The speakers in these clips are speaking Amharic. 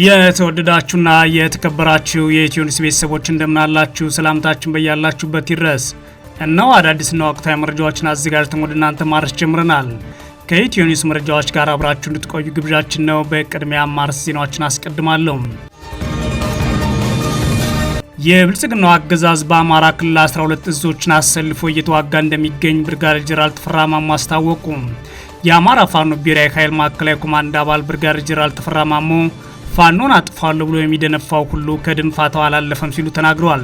የተወደዳችሁና የተከበራችሁ የኢትዮኒስ ቤተሰቦች እንደምናላችሁ ሰላምታችን በያላችሁበት ይድረስ። እናው አዳዲስና ወቅታዊ መረጃዎችን አዘጋጅተን ወደ እናንተ ማድረስ ጀምረናል። ከኢትዮ ኒውስ መረጃዎች ጋር አብራችሁ እንድትቆዩ ግብዣችን ነው። በቅድሚያ ማርስ ዜናዎችን አስቀድማለሁ። የብልጽግናው አገዛዝ በአማራ ክልል 12 እዞችን አሰልፎ እየተዋጋ እንደሚገኝ ብርጋዴር ጄኔራል ተፈራ ማሞ አስታወቁ። የአማራ ፋኖ ብሔራዊ ኃይል ማዕከላዊ ኮማንድ አባል ብርጋዴር ጄኔራል ተፈራ ማሞ ፋኖን አጥፋለሁ ብሎ የሚደነፋው ሁሉ ከድንፋታው አላለፈም ሲሉ ተናግረዋል።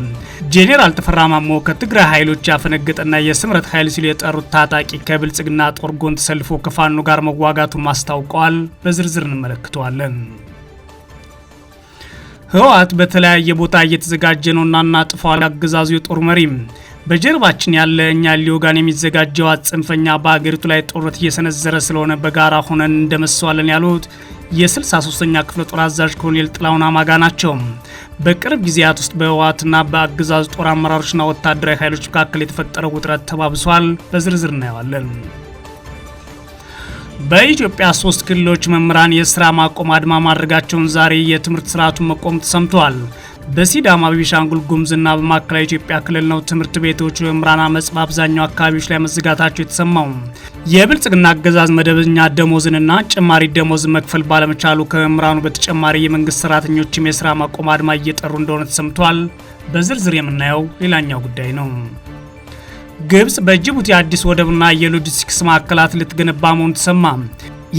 ጄኔራል ተፈራ ማሞ ከትግራይ ኃይሎች ያፈነገጠና የስምረት ኃይል ሲሉ የጠሩት ታጣቂ ከብልጽግና ጦር ጎን ተሰልፎ ከፋኖ ጋር መዋጋቱን ማስታውቀዋል በዝርዝር እንመለከተዋለን። ህወሓት በተለያየ ቦታ እየተዘጋጀ ነውና እናጥፋዋል። አገዛዙ የጦር መሪም በጀርባችን ያለ እኛ ሊወጋን የሚዘጋጀው ጽንፈኛ በሀገሪቱ ላይ ጦርነት እየሰነዘረ ስለሆነ በጋራ ሆነን እንደመሰዋለን ያሉት የ63ኛ ክፍለ ጦር አዛዥ ኮሎኔል ጥላውና አማጋ ናቸው። በቅርብ ጊዜያት ውስጥ በህወሓትና በአገዛዙ ጦር አመራሮችና ወታደራዊ ኃይሎች መካከል የተፈጠረው ውጥረት ተባብሷል። በዝርዝር እናየዋለን። በኢትዮጵያ ሶስት ክልሎች መምህራን የስራ ማቆም አድማ ማድረጋቸውን ዛሬ የትምህርት ስርዓቱን መቆም ተሰምተዋል። በሲዳማ ቢሻንጉል ጉምዝና በማዕከላዊ ኢትዮጵያ ክልል ነው ትምህርት ቤቶች በመምህራን አመጽ በአብዛኛው አካባቢዎች ላይ መዘጋታቸው የተሰማው። የብልጽግና አገዛዝ መደበኛ ደሞዝንና ጭማሪ ደሞዝ መክፈል ባለመቻሉ ከመምህራኑ በተጨማሪ የመንግስት ሰራተኞችም የስራ ማቆም አድማ እየጠሩ እንደሆነ ተሰምቷል። በዝርዝር የምናየው ሌላኛው ጉዳይ ነው። ግብጽ በጅቡቲ አዲስ ወደብና የሎጂስቲክስ ማዕከላት ልትገነባ መሆኑ ተሰማ።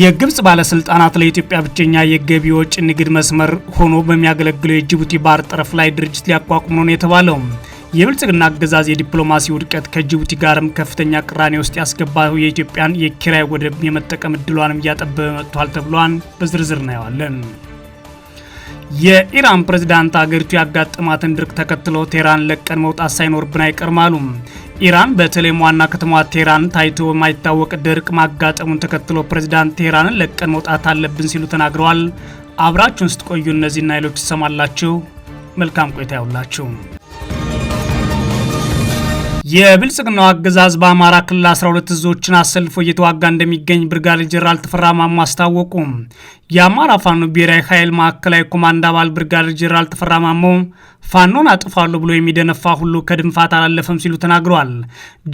የግብጽ ባለስልጣናት ለኢትዮጵያ ብቸኛ የገቢ ወጪ ንግድ መስመር ሆኖ በሚያገለግለው የጅቡቲ ባህር ጠረፍ ላይ ድርጅት ሊያቋቁም ነው የተባለው። የብልጽግና አገዛዝ የዲፕሎማሲ ውድቀት ከጅቡቲ ጋርም ከፍተኛ ቅራኔ ውስጥ ያስገባው የኢትዮጵያን የኪራይ ወደብ የመጠቀም እድሏንም እያጠበበ መጥቷል ተብሏን በዝርዝር እናየዋለን። የኢራን ፕሬዝዳንት አገሪቱ ያጋጠማትን ድርቅ ተከትሎ ቴህራን ለቀን መውጣት ሳይኖርብን አይቀርም አሉ። ኢራን በተለይም ዋና ከተማዋ ቴህራን ታይቶ የማይታወቅ ድርቅ ማጋጠሙን ተከትሎ ፕሬዚዳንት ቴህራንን ለቀን መውጣት አለብን ሲሉ ተናግረዋል። አብራችሁን ስትቆዩ እነዚህና ሌሎች ይሰማላችሁ። መልካም ቆይታ ያውላችሁ። የብልጽግናው አገዛዝ በአማራ ክልል 12 እዞችን አሰልፎ እየተዋጋ እንደሚገኝ ብርጋዴር ጄኔራል ተፈራ ማሞ አስታወቁ። የአማራ ፋኖ ብሔራዊ ኃይል ማዕከላዊ ኮማንድ አባል ብርጋዴር ጄኔራል ተፈራ ማሞ ፋኖን አጥፋለሁ ብሎ የሚደነፋ ሁሉ ከድንፋት አላለፈም ሲሉ ተናግረዋል።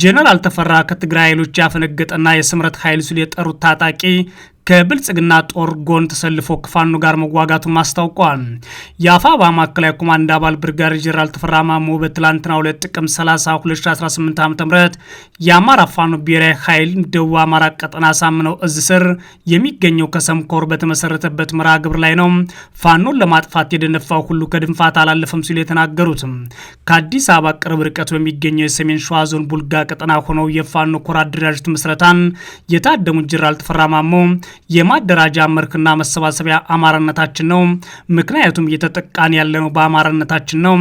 ጀነራል ተፈራ ከትግራይ ኃይሎች ያፈነገጠና የስምረት ኃይል ሲሉ የጠሩት ታጣቂ ከብልጽግና ጦር ጎን ተሰልፎ ከፋኖ ጋር መዋጋቱን አስታውቋል። የአፋባ ማዕከላዊ ኮማንድ አባል ብርጋዴር ጄኔራል ተፈራ ማሞ በትላንትና ሁለት ጥቅም 30 2018 ዓ ም የአማራ ፋኖ ብሔራዊ ኃይል ደቡብ አማራ ቀጠና ሳምነው እዝ ስር የሚገኘው ከሰምኮር በተመሰረተበት መርሃ ግብር ላይ ነው ፋኖን ለማጥፋት የደነፋው ሁሉ ከድንፋት አላለፈም ሲሉ የተናገሩትም ከአዲስ አበባ ቅርብ ርቀት በሚገኘው የሰሜን ሸዋ ዞን ቡልጋ ቀጠና ሆነው የፋኖ ኮር አደራጅት ምስረታን የታደሙት ጀነራል ተፈራ ማሞ የማደራጃ መርክና መሰባሰቢያ አማራነታችን ነው፣ ምክንያቱም እየተጠቃን ያለነው በአማራነታችን ነው፣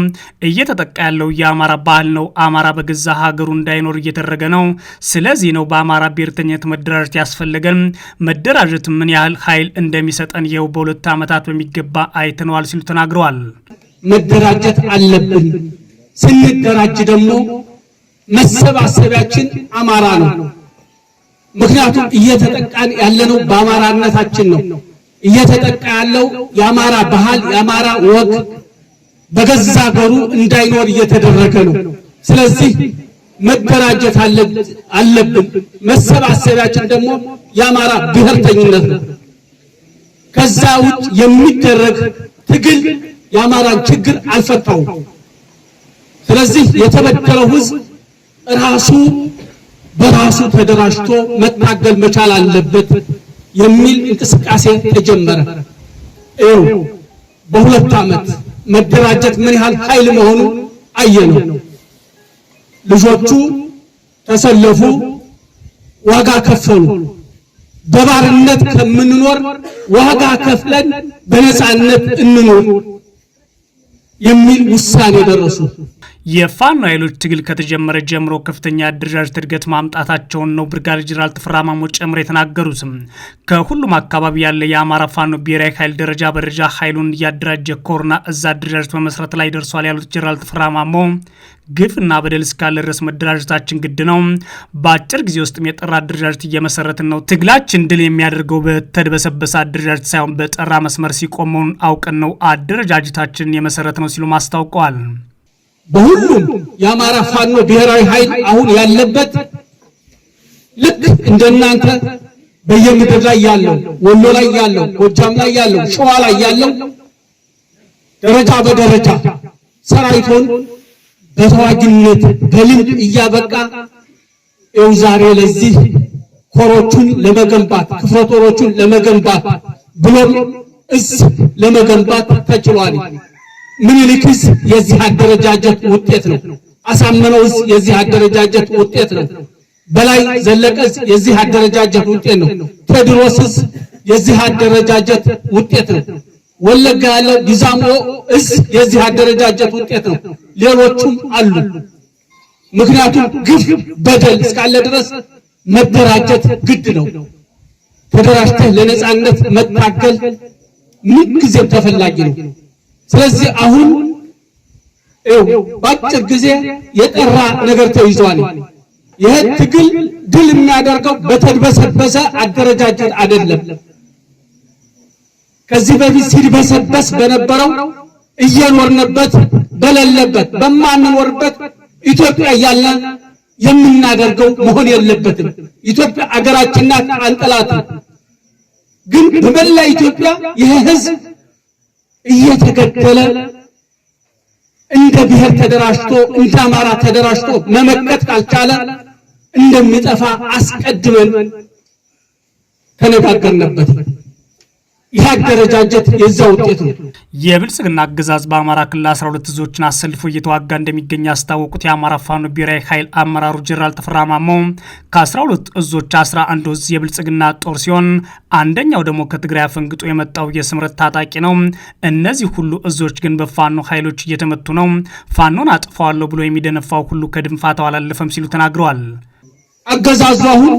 እየተጠቃ ያለው የአማራ ባህል ነው፣ አማራ በገዛ ሀገሩ እንዳይኖር እየተደረገ ነው። ስለዚህ ነው በአማራ ብሔርተኝነት መደራጀት ያስፈለገን። መደራጀት ምን ያህል ኃይል እንደሚሰጠን ይኸው በሁለት ዓመታት በሚገባ አይተነዋል ሲሉ ተናግረዋል። መደራጀት አለብን። ስንደራጅ ደግሞ መሰባሰቢያችን አማራ ነው። ምክንያቱም እየተጠቃን ያለነው በአማራነታችን ነው። እየተጠቃ ያለው የአማራ ባህል፣ የአማራ ወግ በገዛ ሀገሩ እንዳይኖር እየተደረገ ነው። ስለዚህ መደራጀት አለብን። መሰባሰቢያችን ደግሞ የአማራ ብሔርተኝነት ነው። ከዛ ውጭ የሚደረግ ትግል የአማራን ችግር አልፈታውም። ስለዚህ የተበደለው ህዝብ ራሱ በራሱ ተደራጅቶ መታገል መቻል አለበት የሚል እንቅስቃሴ ተጀመረ። ይኸው በሁለት ዓመት መደራጀት ምን ያህል ኃይል መሆኑ አየነው። ልጆቹ ተሰለፉ፣ ዋጋ ከፈሉ። በባርነት ከምንኖር ዋጋ ከፍለን በነፃነት እንኖር የሚል ውሳኔ ደረሱ። የፋኖ ኃይሎች ትግል ከተጀመረ ጀምሮ ከፍተኛ አደረጃጀት እድገት ማምጣታቸውን ነው ብርጋዴር ጄኔራል ተፈራ ማሞ ጨምሮ የተናገሩት። ከሁሉም አካባቢ ያለ የአማራ ፋኖ ብሔራዊ ኃይል ደረጃ በደረጃ ኃይሉን እያደራጀ ኮርና እዛ አደረጃጀት በመስረት ላይ ደርሷል ያሉት ጄኔራል ተፈራ ማሞ ግፍና በደል እስካለ ድረስ መደራጀታችን ግድ ነው። በአጭር ጊዜ ውስጥም የጠራ አደረጃጀት እየመሰረትን ነው። ትግላችን ድል የሚያደርገው በተድበሰበሰ አደረጃጀት ሳይሆን በጠራ መስመር ሲቆመውን አውቀን ነው አደረጃጀታችንን የመሰረት ነው ሲሉም አስታውቀዋል። በሁሉም የአማራ ፋኖ ብሔራዊ ኃይል አሁን ያለበት ልክ እንደናንተ በየምድር ላይ ያለው ወሎ ላይ ያለው ጎጃም ላይ ያለው ሸዋ ላይ ያለው ደረጃ በደረጃ ሰራዊቱን በተዋጊነት በልምድ እያበቃ ይኸው ዛሬ ለዚህ ኮሮቹን ለመገንባት ክፍለ ጦሮቹን ለመገንባት ብሎም እዝ ለመገንባት ተችሏል። ምኒልክዝ የዚህ አደረጃጀት ውጤት ነው። አሳምነውዝ የዚህ አደረጃጀት ውጤት ነው። በላይ ዘለቀዝ የዚህ አደረጃጀት ውጤት ነው። ቴድሮስስ የዚህ አደረጃጀት ውጤት ነው። ወለጋ ያለ ጊዛሞ እዝ የዚህ አደረጃጀት ውጤት ነው። ሌሎቹም አሉ። ምክንያቱም ግፍ፣ በደል እስካለ ድረስ መደራጀት ግድ ነው። ተደራጅተህ ለነጻነት መታገል ምን ጊዜም ተፈላጊ ነው። ስለዚህ አሁን በአጭር ጊዜ የጠራ ነገር ተይዟል። ይህ ትግል ድል የሚያደርገው በተድበሰበሰ አደረጃጀት አይደለም። ከዚህ በፊት ሲድበሰበስ በነበረው እየኖርንበት በሌለበት በማንኖርበት ኢትዮጵያ እያለ የምናደርገው መሆን የለበትም። ኢትዮጵያ አገራችን ናት፣ አንጠላትም። ግን በመላ ኢትዮጵያ ይህ ህዝብ እየተገደለ እንደ ብሔር ተደራጅቶ እንደ አማራ ተደራጅቶ መመከት ካልቻለ እንደሚጠፋ አስቀድመን ተነጋገርንበት። ይህ አደረጃጀት የዛ ውጤት ነው። የብልጽግና አገዛዝ በአማራ ክልል 12 እዞችን አሰልፎ እየተዋጋ እንደሚገኝ ያስታወቁት የአማራ ፋኖ ብሔራዊ ኃይል አመራሩ ጀነራል ተፈራ ማሞ ከ12 እዞች 11 እዝ የብልጽግና ጦር ሲሆን አንደኛው ደግሞ ከትግራይ አፈንግጦ የመጣው የስምረት ታጣቂ ነው። እነዚህ ሁሉ እዞች ግን በፋኖ ኃይሎች እየተመቱ ነው። ፋኖን አጥፋዋለሁ ብሎ የሚደነፋው ሁሉ ከድንፋታው አላለፈም ሲሉ ተናግረዋል። አገዛዙ አሁን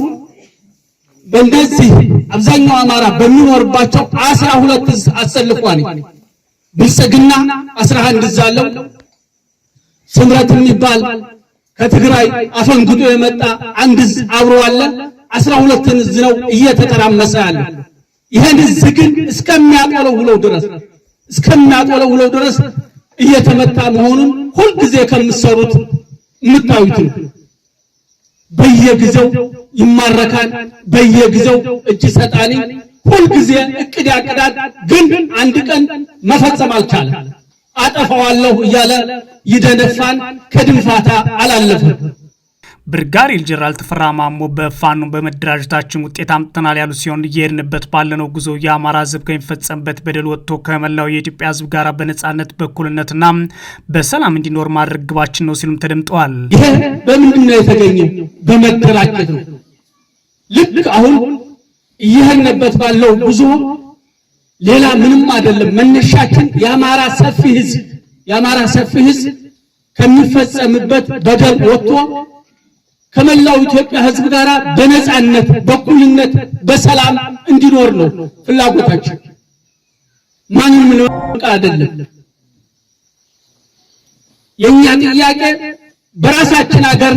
በእንደዚህ አብዛኛው አማራ በሚኖርባቸው አስራ ሁለት እዝ አሰልፏል። ብልጽግና አስራ አንድ እዝ አለው። ስምረት የሚባል ከትግራይ አፈንግጦ የመጣ አንድ እዝ አብሮ አለ። አስራ ሁለትን እዝ ነው እየተጠራመሰ ያለ። ይህን እዝ ግን እስከሚያቆለው ውለው ድረስ እስከሚያቆለው ውለው ድረስ እየተመታ መሆኑን ሁልጊዜ ከምትሰሩት የምታዩት ነው። በየጊዜው ይማረካል፣ በየጊዜው እጅ ሰጣኒ፣ ሁልጊዜ እቅድ ያቅዳል፣ ግን አንድ ቀን መፈጸም አልቻለም። አጠፋዋለሁ እያለ ይደነፋን፣ ከድንፋታ አላለፈም። ብርጋዴር ጄኔራል ተፈራ ማሞ በፋኖ በመደራጀታችን ውጤት አምጥተናል ያሉ ሲሆን እየሄድንበት ባለነው ጉዞ የአማራ ህዝብ ከሚፈጸምበት በደል ወጥቶ ከመላው የኢትዮጵያ ህዝብ ጋር በነጻነት በኩልነትና በሰላም እንዲኖር ማድረግ ግባችን ነው ሲሉም ተደምጠዋል። ይሄ በምንድን ነው የተገኘ? በመደራጀት ነው። ልክ አሁን እየሄድንበት ባለው ጉዞ ሌላ ምንም አይደለም። መነሻችን የአማራ ሰፊ ህዝብ የአማራ ሰፊ ህዝብ ከሚፈጸምበት በደል ወጥቶ ከመላው ኢትዮጵያ ሕዝብ ጋር በነፃነት በኩልነት በሰላም እንዲኖር ነው ፍላጎታችን። ማንም ነው አይደለም። የኛ ጥያቄ በራሳችን ሀገር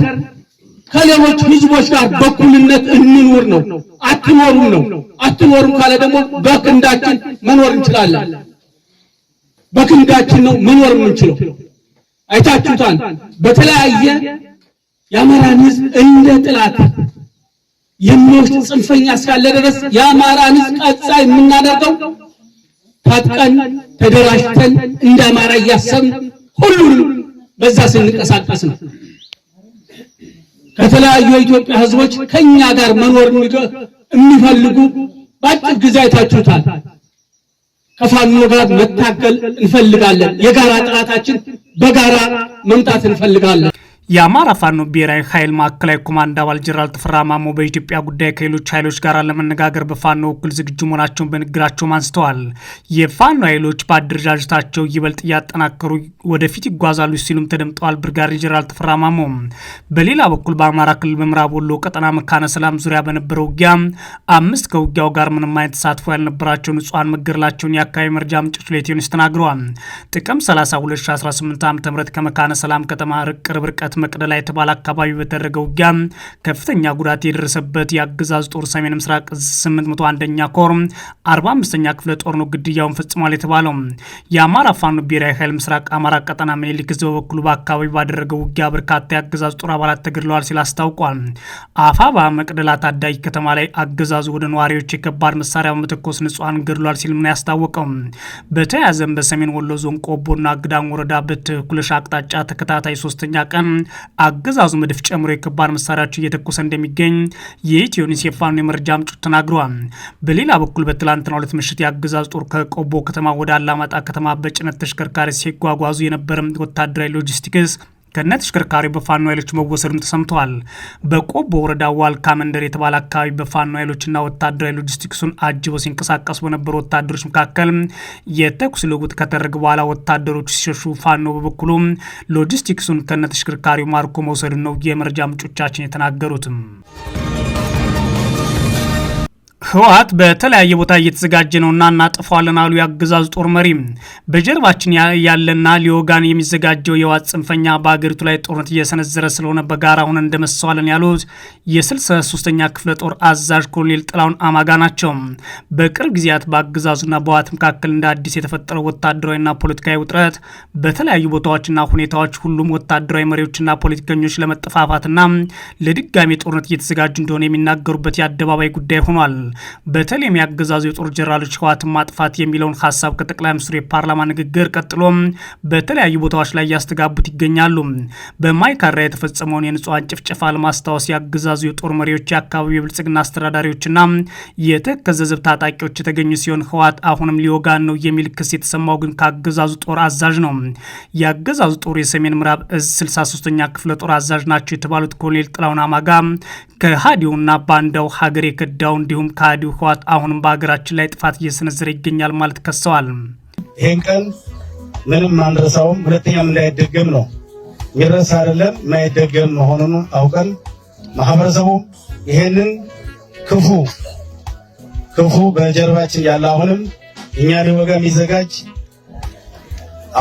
ከሌሎች ህዝቦች ጋር በኩልነት እንኑር ነው። አትኖሩም ነው። አትኖሩም ካለ ደግሞ በክንዳችን መኖር እንችላለን። በክንዳችን ነው መኖር የምንችለው። አይታችሁታል በተለያየ የአማራን ህዝብ እንደ ጥላት የሚወስድ ጽንፈኛ እስካለ ድረስ የአማራን ህዝብ የምናደርገው ታጥቀን ተደራጅተን እንደ አማራ እያሰብን ሁሉን በዛ ስንቀሳቀስ ነው። ከተለያዩ የኢትዮጵያ ህዝቦች ከኛ ጋር መኖር የሚፈልጉ በአጭር ጊዜ አይታችሁታል። ከፋኖ ጋር መታገል እንፈልጋለን። የጋራ ጥላታችን በጋራ መምጣት እንፈልጋለን። የአማራ ፋኖ ብሔራዊ ኃይል ማዕከላዊ ኮማንድ አባል ጀነራል ተፈራ ማሞ በኢትዮጵያ ጉዳይ ከሌሎች ኃይሎች ጋር ለመነጋገር በፋኖ በኩል ዝግጁ መሆናቸውን በንግግራቸውም አንስተዋል። የፋኖ ኃይሎች በአደረጃጀታቸው ይበልጥ እያጠናከሩ ወደፊት ይጓዛሉ ሲሉም ተደምጠዋል። ብርጋዴር ጀነራል ተፈራ ማሞ። በሌላ በኩል በአማራ ክልል በምዕራብ ወሎ ቀጠና መካነ ሰላም ዙሪያ በነበረው ውጊያ አምስት ከውጊያው ጋር ምንም አይነት ተሳትፎ ያልነበራቸው ንጹሐን መገደላቸውን የአካባቢ መረጃ ምንጮች ለኢትዮኒውስ ተናግረዋል። ጥቅምት 30 2018 ዓ ም ከመካነ ሰላም ከተማ ቅርብ ርቀት መቅደላ የተባለ አካባቢ በተደረገ ውጊያ ከፍተኛ ጉዳት የደረሰበት የአገዛዝ ጦር ሰሜን ምስራቅ 81ኛ ኮር 45ኛ ክፍለ ጦር ነው ግድያውን ፈጽሟል የተባለው። የአማራ ፋኖ ብሔራዊ ኃይል ምስራቅ አማራ ቀጠና ምኒልክ ዕዝ በበኩሉ በአካባቢ ባደረገው ውጊያ በርካታ የአገዛዝ ጦር አባላት ተገድለዋል ሲል አስታውቋል። አፋባ መቅደላ ታዳጊ ከተማ ላይ አገዛዙ ወደ ነዋሪዎች የከባድ መሳሪያ በመተኮስ ንጹሐን ገድሏል ሲል ምን ያስታወቀው። በተያያዘም በሰሜን ወሎ ዞን ቆቦና ግዳን ወረዳ በትኩለሽ አቅጣጫ ተከታታይ ሶስተኛ ቀን አገዛዙ መድፍ ጨምሮ የከባድ መሳሪያዎች እየተኮሰ እንደሚገኝ የኢትዮኒስ የፋኖ የመረጃ ምንጮች ተናግረዋል። በሌላ በኩል በትላንትና ሁለት ምሽት የአገዛዝ ጦር ከቆቦ ከተማ ወደ አላማጣ ከተማ በጭነት ተሽከርካሪ ሲጓጓዙ የነበረ ወታደራዊ ሎጂስቲክስ ከነ ተሽከርካሪው በፋኖ ኃይሎች መወሰዱም ተሰምተዋል። በቆቦ ወረዳ ዋልካ መንደር የተባለ አካባቢ በፋኖ ኃይሎችና ወታደራዊ ሎጂስቲክሱን አጅበው ሲንቀሳቀሱ በነበሩ ወታደሮች መካከል የተኩስ ልውውጥ ከተደረገ በኋላ ወታደሮች ሲሸሹ፣ ፋኖ በበኩሉ ሎጂስቲክሱን ከነ ተሽከርካሪው ማርኮ መውሰዱ ነው የመረጃ ምንጮቻችን የተናገሩትም። ህወሀት በተለያየ ቦታ እየተዘጋጀ ነውና እናጠፋዋለን አሉ የአገዛዙ ጦር መሪ። በጀርባችን ያለና ሊወጋን የሚዘጋጀው የህወሓት ጽንፈኛ በሀገሪቱ ላይ ጦርነት እየሰነዘረ ስለሆነ በጋራ ሆነን እንደመሰዋለን ያሉት የስልሳ ሶስተኛ ክፍለ ጦር አዛዥ ኮሎኔል ጥላውን አማጋ ናቸው። በቅርብ ጊዜያት በአገዛዙና በህወሓት መካከል እንደ አዲስ የተፈጠረው ወታደራዊና ፖለቲካዊ ውጥረት በተለያዩ ቦታዎችና ሁኔታዎች ሁሉም ወታደራዊ መሪዎችና ፖለቲከኞች ለመጠፋፋትና ለድጋሚ ጦርነት እየተዘጋጁ እንደሆነ የሚናገሩበት የአደባባይ ጉዳይ ሆኗል። በተለይም የአገዛዙ የጦር ጀራሎች ህወሓትን ማጥፋት የሚለውን ሀሳብ ከጠቅላይ ሚኒስትሩ የፓርላማ ንግግር ቀጥሎም በተለያዩ ቦታዎች ላይ እያስተጋቡት ይገኛሉ። በማይካራ የተፈጸመውን የንጹሐን ጭፍጨፋ ለማስታወስ የአገዛዙ የጦር መሪዎች፣ የአካባቢው የብልጽግና አስተዳዳሪዎችና የተከዘ ህዝብ ታጣቂዎች የተገኙ ሲሆን ህወሓት አሁንም ሊወጋን ነው የሚል ክስ የተሰማው ግን ከአገዛዙ ጦር አዛዥ ነው። የአገዛዙ ጦር የሰሜን ምዕራብ እዝ 63ኛ ክፍለ ጦር አዛዥ ናቸው የተባሉት ኮሎኔል ጥላውን አማጋ ከሃዲውና ባንዳው ሀገር የከዳው እንዲሁም ከሃዲው ህወሓት አሁንም በሀገራችን ላይ ጥፋት እየሰነዘረ ይገኛል ማለት ከሰዋል። ይህን ቀን ምንም አንረሳውም፣ ሁለተኛም እንዳይደገም ነው። የሚረሳ አይደለም የማይደገም መሆኑን አውቀን ማህበረሰቡ ይህንን ክፉ ክፉ በጀርባችን ያለ አሁንም እኛ ሊወጋ የሚዘጋጅ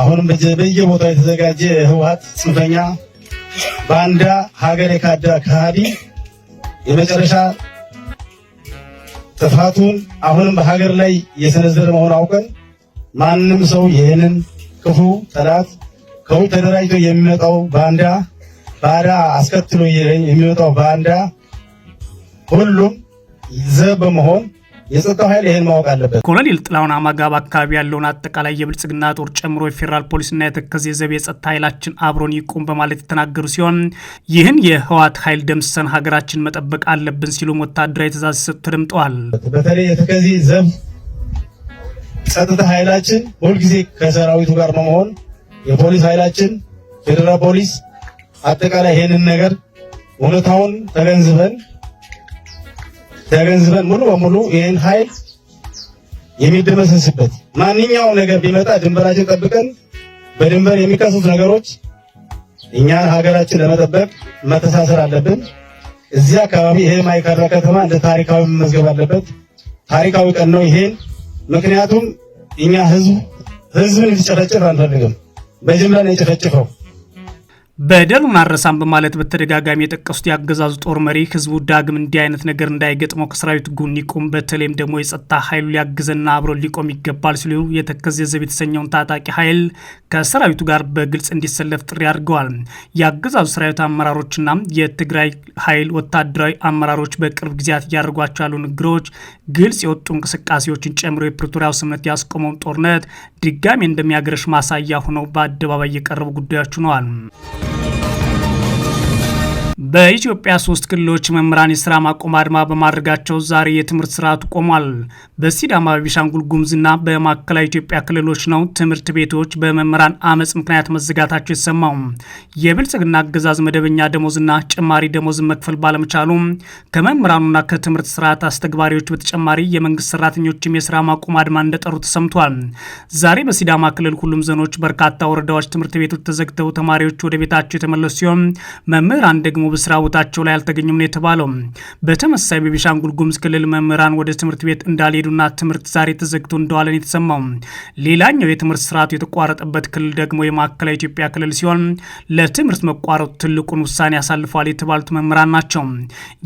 አሁንም በየቦታው የተዘጋጀ ህወሓት ጽንፈኛ ባንዳ ሀገር የካዳ ከሃዲ የመጨረሻ ጥፋቱን አሁንም በሀገር ላይ የሰነዘረ መሆን አውቀን ማንም ሰው ይህንን ክፉ ጠላት ከውጭ ተደራጅቶ የሚመጣው ባንዳ ባዳ አስከትሎ የሚመጣው ባንዳ ሁሉም ዘብ በመሆን የጸጥታው ኃይል ይህን ማወቅ አለበት። ኮሎኔል ጥላሁን አማጋብ አካባቢ ያለውን አጠቃላይ የብልጽግና ጦር ጨምሮ የፌዴራል ፖሊስና የተከዜ ዘብ የጸጥታ ኃይላችን አብሮን ይቁም በማለት የተናገሩ ሲሆን ይህን የህወሓት ኃይል ደምሰን ሀገራችን መጠበቅ አለብን ሲሉም ወታደራዊ ትእዛዝ ሲሰጡ ተደምጠዋል። በተለይ የተከዜ ዘብ ጸጥታ ኃይላችን ሁልጊዜ ከሰራዊቱ ጋር በመሆን የፖሊስ ኃይላችን ፌዴራል ፖሊስ አጠቃላይ ይህንን ነገር እውነታውን ተገንዝበን ተገንዝበን ሙሉ በሙሉ ይህን ኃይል የሚደመሰስበት ማንኛውም ነገር ቢመጣ ድንበራችን ጠብቀን በድንበር የሚከሰቱ ነገሮች እኛ ሀገራችን ለመጠበቅ መተሳሰር አለብን። እዚህ አካባቢ ይሄ ማይካድራ ከተማ እንደ ታሪካዊ መመዝገብ አለበት። ታሪካዊ ቀን ነው ይሄን። ምክንያቱም እኛ ህዝብ ህዝብን ሊጨፈጭፍ አንፈልግም። በጅምላ ነው የጨፈጭፈው። በደል ማረሳም በማለት በተደጋጋሚ የጠቀሱት የአገዛዙ ጦር መሪ ህዝቡ ዳግም እንዲህ አይነት ነገር እንዳይገጥመው ከሰራዊት ጎን ይቁም፣ በተለይም ደግሞ የጸጥታ ኃይሉ ሊያግዘና አብሮ ሊቆም ይገባል ሲሉ የተከዜ ዘብ የተሰኘውን ታጣቂ ኃይል ከሰራዊቱ ጋር በግልጽ እንዲሰለፍ ጥሪ አድርገዋል። የአገዛዙ ሰራዊት አመራሮችና የትግራይ ኃይል ወታደራዊ አመራሮች በቅርብ ጊዜያት እያደርጓቸው ያሉ ንግግሮች፣ ግልጽ የወጡ እንቅስቃሴዎችን ጨምሮ የፕሪቶሪያው ስምምነት ያስቆመውን ጦርነት ድጋሜ እንደሚያገረሽ ማሳያ ሆነው በአደባባይ የቀረቡ ጉዳዮች ሆነዋል። Thank you. በኢትዮጵያ ሶስት ክልሎች መምህራን የስራ ማቆም አድማ በማድረጋቸው ዛሬ የትምህርት ስርዓቱ ቆሟል። በሲዳማ በቤኒሻንጉል ጉሙዝና በማዕከላዊ ኢትዮጵያ ክልሎች ነው ትምህርት ቤቶች በመምህራን አመፅ ምክንያት መዘጋታቸው የተሰማው። የብልጽግና አገዛዝ መደበኛ ደሞዝና ጭማሪ ደሞዝ መክፈል ባለመቻሉ ከመምህራኑና ከትምህርት ስርዓት አስተግባሪዎች በተጨማሪ የመንግስት ሰራተኞችም የስራ ማቆም አድማ እንደጠሩ ተሰምቷል። ዛሬ በሲዳማ ክልል ሁሉም ዞኖች በርካታ ወረዳዎች ትምህርት ቤቶች ተዘግተው ተማሪዎች ወደ ቤታቸው የተመለሱ ሲሆን መምህራን ደግሞ በስራ ቦታቸው ላይ አልተገኙም ነው የተባለው። በተመሳሳይ በቤኒሻንጉል ጉሙዝ ክልል መምህራን ወደ ትምህርት ቤት እንዳልሄዱና ትምህርት ዛሬ ተዘግቶ እንደዋለን የተሰማው። ሌላኛው የትምህርት ስርዓቱ የተቋረጠበት ክልል ደግሞ የማዕከላዊ ኢትዮጵያ ክልል ሲሆን ለትምህርት መቋረጡ ትልቁን ውሳኔ አሳልፈዋል የተባሉት መምህራን ናቸው።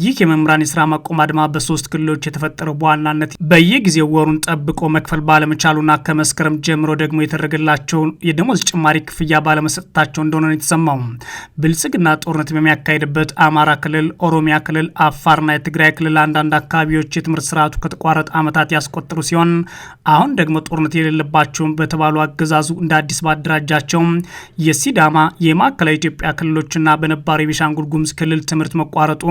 ይህ የመምህራን የስራ ማቆም አድማ በሶስት ክልሎች የተፈጠረው በዋናነት በየጊዜው ወሩን ጠብቆ መክፈል ባለመቻሉና ከመስከረም ጀምሮ ደግሞ የተደረገላቸውን የደሞዝ ጭማሪ ክፍያ ባለመሰጠታቸው እንደሆነ ነው የተሰማው። ብልጽግና ጦርነት በሚያካሄድ ባለበት አማራ ክልል፣ ኦሮሚያ ክልል፣ አፋርና የትግራይ ክልል አንዳንድ አካባቢዎች የትምህርት ስርዓቱ ከተቋረጠ ዓመታት ያስቆጠሩ ሲሆን አሁን ደግሞ ጦርነት የሌለባቸውም በተባሉ አገዛዙ እንደ አዲስ ባደራጃቸው የሲዳማ የማዕከላዊ ኢትዮጵያ ክልሎችና በነባሩ የቤሻንጉል ጉሙዝ ክልል ትምህርት መቋረጡ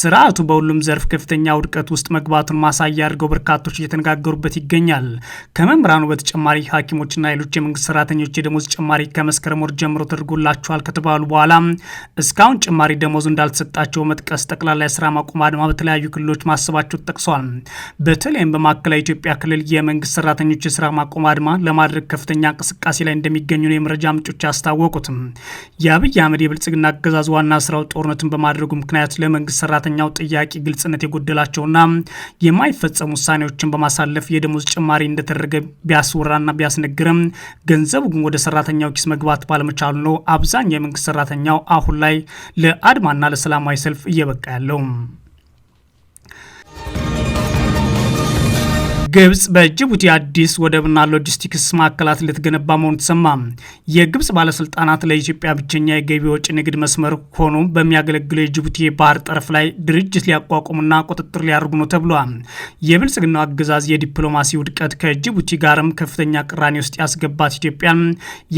ስርዓቱ በሁሉም ዘርፍ ከፍተኛ ውድቀት ውስጥ መግባቱን ማሳያ አድርገው በርካቶች እየተነጋገሩበት ይገኛል። ከመምህራኑ በተጨማሪ ሐኪሞችና ሌሎች የመንግስት ሰራተኞች የደሞዝ ጭማሪ ከመስከረም ወር ጀምሮ ተደርጎላቸዋል ከተባሉ በኋላ እስካሁን ጭማሪ ደሞዙ እንዳልተሰጣቸው መጥቀስ ጠቅላላ የስራ ማቆም አድማ በተለያዩ ክልሎች ማሰባቸው ጠቅሰዋል በተለይም በማዕከላዊ ኢትዮጵያ ክልል የመንግስት ሰራተኞች የስራ ማቆም አድማ ለማድረግ ከፍተኛ እንቅስቃሴ ላይ እንደሚገኙ ነው የመረጃ ምንጮች ያስታወቁት የአብይ አህመድ የብልጽግና አገዛዝ ዋና ስራው ጦርነትን በማድረጉ ምክንያት ለመንግስት ሰራተኛው ጥያቄ ግልጽነት የጎደላቸውና የማይፈጸሙ ውሳኔዎችን በማሳለፍ የደሞዝ ጭማሪ እንደተደረገ ቢያስወራና ቢያስነግርም ገንዘቡ ግን ወደ ሰራተኛው ኪስ መግባት ባለመቻሉ ነው አብዛኛው የመንግስት ሰራተኛው አሁን ላይ ለአድ ለአድማና ለሰላማዊ ሰልፍ እየበቃ ያለው ግብጽ በጅቡቲ አዲስ ወደብና ሎጂስቲክስ ማዕከላት ልትገነባ መሆኑ ተሰማ። የግብጽ ባለስልጣናት ለኢትዮጵያ ብቸኛ የገቢ ወጪ ንግድ መስመር ሆኖ በሚያገለግለው የጅቡቲ የባህር ጠረፍ ላይ ድርጅት ሊያቋቁሙና ቁጥጥር ሊያደርጉ ነው ተብሏል። የብልጽግናው አገዛዝ የዲፕሎማሲ ውድቀት ከጅቡቲ ጋርም ከፍተኛ ቅራኔ ውስጥ ያስገባት ኢትዮጵያን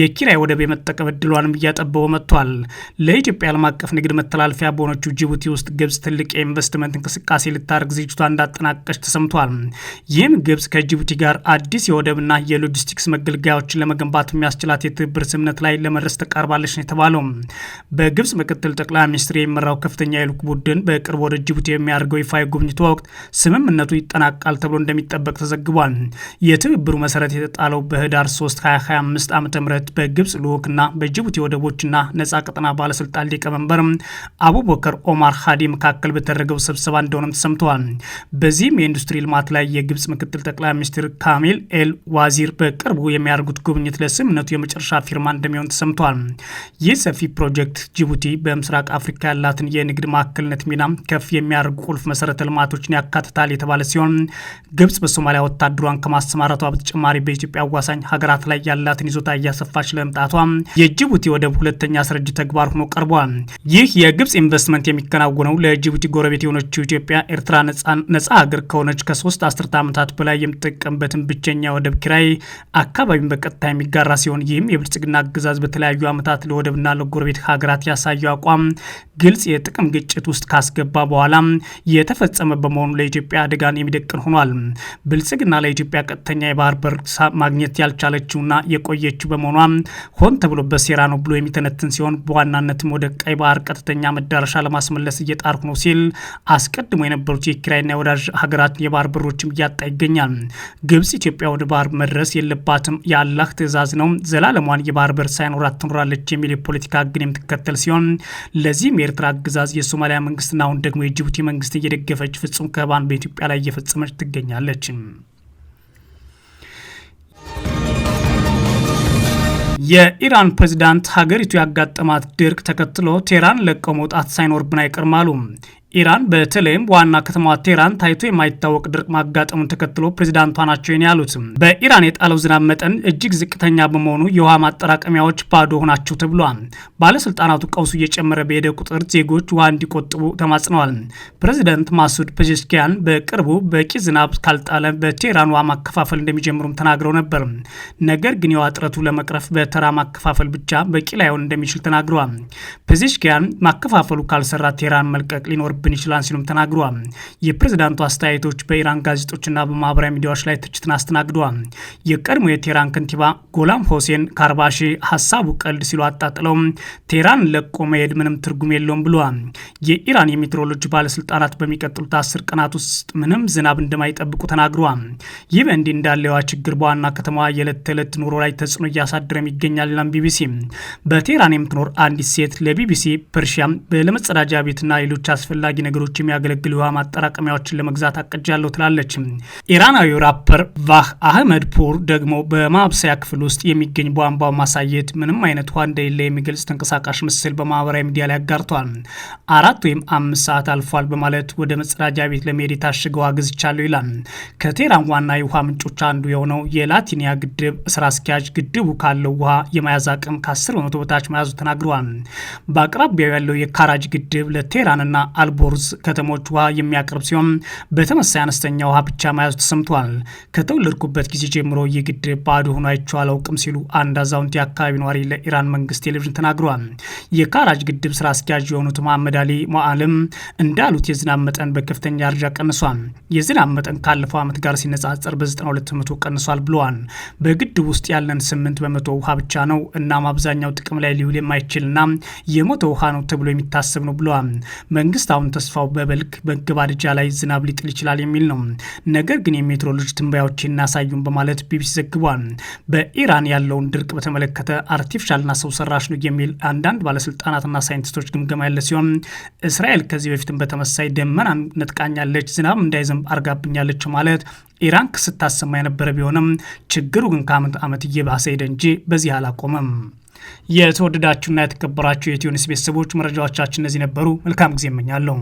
የኪራይ ወደብ የመጠቀም እድሏንም እያጠበበ መጥቷል። ለኢትዮጵያ ዓለም አቀፍ ንግድ መተላለፊያ በሆነችው ጅቡቲ ውስጥ ግብጽ ትልቅ የኢንቨስትመንት እንቅስቃሴ ልታደርግ ዝግጅቷ እንዳጠናቀቀች ተሰምቷል። ይህም ግብጽ ከጅቡቲ ጋር አዲስ የወደብና የሎጂስቲክስ መገልገያዎችን ለመገንባት የሚያስችላት የትብብር ስምምነት ላይ ለመድረስ ተቃርባለች ነው የተባለው። በግብጽ ምክትል ጠቅላይ ሚኒስትር የሚመራው ከፍተኛ የልዑክ ቡድን በቅርብ ወደ ጅቡቲ የሚያደርገው ይፋ ጉብኝቱ ወቅት ስምምነቱ ይጠናቃል ተብሎ እንደሚጠበቅ ተዘግቧል። የትብብሩ መሰረት የተጣለው በህዳር 3 2025 ዓ ም በግብጽ ልዑክና በጅቡቲ ወደቦችና ነጻ ቀጠና ባለስልጣን ሊቀመንበር አቡበከር ኦማር ሃዲ መካከል በተደረገው ስብሰባ እንደሆነም ተሰምተዋል። በዚህም የኢንዱስትሪ ልማት ላይ የግብጽ ምክትል ምክትል ጠቅላይ ሚኒስትር ካሚል ኤል ዋዚር በቅርቡ የሚያደርጉት ጉብኝት ለስምምነቱ የመጨረሻ ፊርማ እንደሚሆን ተሰምቷል። ይህ ሰፊ ፕሮጀክት ጅቡቲ በምስራቅ አፍሪካ ያላትን የንግድ ማዕከልነት ሚና ከፍ የሚያደርጉ ቁልፍ መሰረተ ልማቶችን ያካትታል የተባለ ሲሆን ግብጽ በሶማሊያ ወታደሯን ከማሰማራቷ በተጨማሪ በኢትዮጵያ አዋሳኝ ሀገራት ላይ ያላትን ይዞታ እያሰፋች ለመምጣቷ የጅቡቲ ወደብ ሁለተኛ ስረጅ ተግባር ሆኖ ቀርቧል። ይህ የግብጽ ኢንቨስትመንት የሚከናወነው ለጅቡቲ ጎረቤት የሆነችው ኢትዮጵያ ኤርትራ ነጻ ሀገር ከሆነች ከሶስት አስርት ዓመታት በ ላይ የምትጠቀምበትን ብቸኛ ወደብ ኪራይ አካባቢውን በቀጥታ የሚጋራ ሲሆን ይህም የብልጽግና አገዛዝ በተለያዩ ዓመታት ለወደብና ለጎረቤት ሀገራት ያሳየው አቋም ግልጽ የጥቅም ግጭት ውስጥ ካስገባ በኋላ የተፈጸመ በመሆኑ ለኢትዮጵያ አደጋን የሚደቅን ሆኗል። ብልጽግና ለኢትዮጵያ ቀጥተኛ የባህር በር ማግኘት ያልቻለችውና የቆየችው በመሆኗ ሆን ተብሎ በሴራ ነው ብሎ የሚተነትን ሲሆን በዋናነትም ወደ ቀይ ባህር ቀጥተኛ መዳረሻ ለማስመለስ እየጣርኩ ነው ሲል አስቀድሞ የነበሩት የኪራይና የወዳጅ ሀገራት የባህር በሮችም እያጣ ይገኛል። ይገኛል። ግብጽ ኢትዮጵያ ወደ ባህር መድረስ የለባትም የአላህ ትዕዛዝ ነው፣ ዘላለሟን የባህር በር ሳይኖራት ትኖራለች የሚል የፖለቲካ ህግን የምትከተል ሲሆን ለዚህም የኤርትራ አገዛዝ የሶማሊያ መንግስትና አሁን ደግሞ የጅቡቲ መንግስት እየደገፈች ፍጹም ከባን በኢትዮጵያ ላይ እየፈጸመች ትገኛለች። የኢራን ፕሬዝዳንት ሀገሪቱ ያጋጠማት ድርቅ ተከትሎ ቴህራን ለቀው መውጣት ሳይኖርብን አይቀርም አሉ። ኢራን በተለይም ዋና ከተማ ቴህራን ታይቶ የማይታወቅ ድርቅ ማጋጠሙን ተከትሎ ፕሬዚዳንቷ ናቸው ያሉት በኢራን የጣለው ዝናብ መጠን እጅግ ዝቅተኛ በመሆኑ የውሃ ማጠራቀሚያዎች ባዶ ሆናቸው ተብሏል። ባለስልጣናቱ ቀውሱ እየጨመረ በሄደ ቁጥር ዜጎች ውሃ እንዲቆጥቡ ተማጽነዋል። ፕሬዚደንት ማሱድ ፔዜሽኪያን በቅርቡ በቂ ዝናብ ካልጣለ በቴህራን ውሃ ማከፋፈል እንደሚጀምሩም ተናግረው ነበር። ነገር ግን የውሃ እጥረቱ ለመቅረፍ በተራ ማከፋፈል ብቻ በቂ ላይሆን እንደሚችል ተናግረዋል። ፔዜሽኪያን ማከፋፈሉ ካልሰራ ቴህራን መልቀቅ ሊኖር ሊደርስብን ይችላል ሲሉም ተናግረዋል። የፕሬዝዳንቱ አስተያየቶች በኢራን ጋዜጦችና በማህበራዊ ሚዲያዎች ላይ ትችትን አስተናግደዋል። የቀድሞ የቴህራን ከንቲባ ጎላም ሆሴን ካርባሺ ሀሳቡ ቀልድ ሲሉ አጣጥለው ቴህራን ለቆ መሄድ ምንም ትርጉም የለውም ብለዋል። የኢራን የሜትሮሎጂ ባለስልጣናት በሚቀጥሉት አስር ቀናት ውስጥ ምንም ዝናብ እንደማይጠብቁ ተናግረዋል። ይህ በእንዲህ እንዳለ ችግር በዋና ከተማዋ የዕለት ተዕለት ኑሮ ላይ ተጽዕኖ እያሳደረም ይገኛል ይላል ቢቢሲ። በቴህራን የምትኖር አንዲት ሴት ለቢቢሲ ፐርሺያ ለመጸዳጃ ቤትና ሌሎች አስፈላጊ አስፈላጊ ነገሮች የሚያገለግሉ የውሃ ማጠራቀሚያዎችን ለመግዛት አቅጃለሁ ትላለች። ኢራናዊው ራፐር ቫህ አህመድ ፑር ደግሞ በማብሰያ ክፍል ውስጥ የሚገኝ ቧንቧ ማሳየት ምንም አይነት ውሃ እንደሌለ የሚገልጽ ተንቀሳቃሽ ምስል በማህበራዊ ሚዲያ ላይ አጋርቷል። አራት ወይም አምስት ሰዓት አልፏል በማለት ወደ መጸዳጃ ቤት ለመሄድ የታሸገ ውሃ ገዝቻለሁ ይላል። ከቴህራን ዋና የውሃ ምንጮች አንዱ የሆነው የላቲኒያ ግድብ ስራ አስኪያጅ ግድቡ ካለው ውሃ የመያዝ አቅም ከ በመቶ በታች መያዙ ተናግረዋል። በአቅራቢያው ያለው የካራጅ ግድብ ለቴህራንና አል ቦርዝ ከተሞች ውሃ የሚያቀርብ ሲሆን በተመሳይ አነስተኛ ውሃ ብቻ መያዙ ተሰምቷል። ከተወለድኩበት ጊዜ ጀምሮ ይህ ግድብ ባዶ ሆኖ አይቼው አላውቅም ሲሉ አንድ አዛውንት የአካባቢ ነዋሪ ለኢራን መንግስት ቴሌቪዥን ተናግረዋል። የካራጅ ግድብ ስራ አስኪያጅ የሆኑት መሐመድ አሊ ሞአልም እንዳሉት የዝናብ መጠን በከፍተኛ ደረጃ ቀንሷል። የዝናብ መጠን ካለፈው ዓመት ጋር ሲነጻጸር በ92 በመቶ ቀንሷል ብለዋል። በግድብ ውስጥ ያለን 8 በመቶ ውሃ ብቻ ነው እናም አብዛኛው ጥቅም ላይ ሊውል የማይችልና የሞተ ውሃ ነው ተብሎ የሚታሰብ ነው ብለዋል። መንግስት አሁን አሁን ተስፋው በበልግ በገባደጃ ላይ ዝናብ ሊጥል ይችላል የሚል ነው። ነገር ግን የሜትሮሎጂ ትንበያዎች እናሳዩን በማለት ቢቢሲ ዘግቧል። በኢራን ያለውን ድርቅ በተመለከተ አርቲፊሻልና ሰው ሰራሽ ነው የሚል አንዳንድ ባለስልጣናትና ሳይንቲስቶች ግምገማ ያለ ሲሆን እስራኤል ከዚህ በፊትም በተመሳይ ደመና ነጥቃኛለች፣ ዝናብ እንዳይዘንብ አርጋብኛለች ማለት ኢራን ክስ ስታሰማ የነበረ ቢሆንም ችግሩ ግን ከአመት ዓመት እየባሰ ሄደ እንጂ በዚህ አላቆመም። የተወደዳችሁና የተከበራችሁ የኢትዮኒውስ ቤተሰቦች መረጃዎቻችን እነዚህ ነበሩ። መልካም ጊዜ እመኛለሁ።